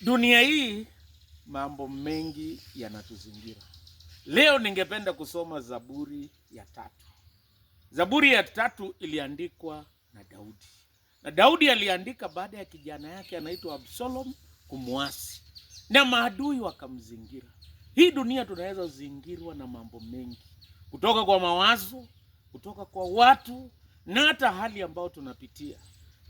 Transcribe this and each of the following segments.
Dunia hii mambo mengi yanatuzingira. Leo ningependa kusoma Zaburi ya tatu. Zaburi ya tatu iliandikwa na Daudi, na Daudi aliandika baada ya kijana yake anaitwa Absalom kumwasi na maadui wakamzingira. Hii dunia tunaweza zingirwa na mambo mengi, kutoka kwa mawazo, kutoka kwa watu na hata hali ambayo tunapitia,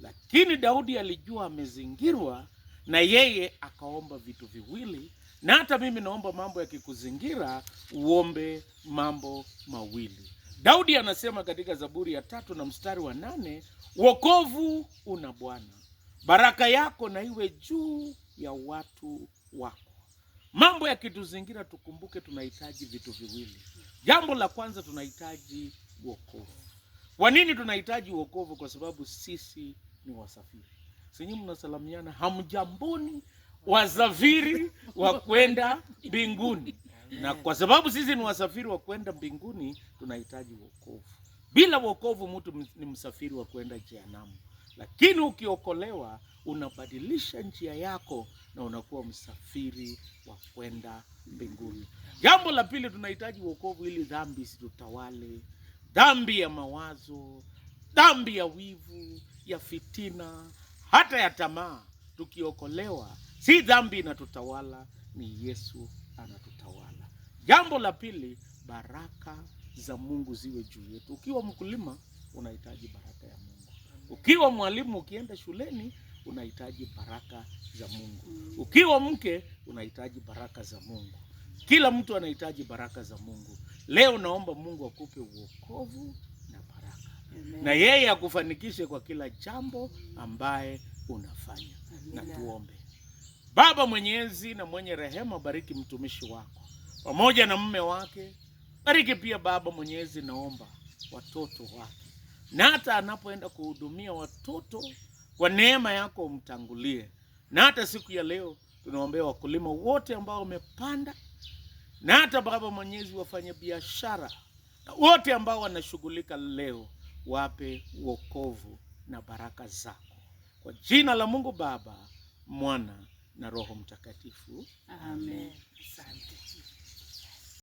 lakini Daudi alijua amezingirwa na yeye akaomba vitu viwili, na hata mimi naomba mambo yakikuzingira uombe mambo mawili. Daudi anasema katika Zaburi ya tatu na mstari wa nane wokovu una Bwana, baraka yako na iwe juu ya watu wako. Mambo yakituzingira, tukumbuke tunahitaji vitu viwili. Jambo la kwanza tunahitaji wokovu. Kwa nini tunahitaji wokovu? Kwa sababu sisi ni wasafiri sinyi mnasalamiana hamjamboni, wasafiri wa kwenda mbinguni. Na kwa sababu sisi ni wasafiri wa kwenda mbinguni, tunahitaji wokovu. Bila wokovu, mtu ni msafiri wa kwenda jehanamu, lakini ukiokolewa, unabadilisha njia yako na unakuwa msafiri wa kwenda mbinguni. Jambo la pili, tunahitaji wokovu ili dhambi isitutawale, dhambi ya mawazo, dhambi ya wivu, ya fitina hata ya tamaa. Tukiokolewa si dhambi inatutawala, ni Yesu anatutawala. Jambo la pili, baraka za Mungu ziwe juu yetu. Ukiwa mkulima unahitaji baraka ya Mungu. Ukiwa mwalimu, ukienda shuleni unahitaji baraka za Mungu. Ukiwa mke unahitaji baraka za Mungu. Kila mtu anahitaji baraka za Mungu. Leo naomba Mungu akupe uokovu na yeye akufanikishe kwa kila jambo ambaye unafanya Na tuombe. Baba mwenyezi na mwenye rehema, bariki mtumishi wako pamoja na mume wake, bariki pia Baba mwenyezi, naomba watoto wake, na hata anapoenda kuhudumia watoto kwa neema yako umtangulie, na hata siku ya leo tunaombea wakulima wote ambao wamepanda, na hata Baba mwenyezi, wafanya biashara na wote ambao wanashughulika leo wape uokovu na baraka zako kwa jina la Mungu Baba, Mwana na Roho Mtakatifu, amen. Asante.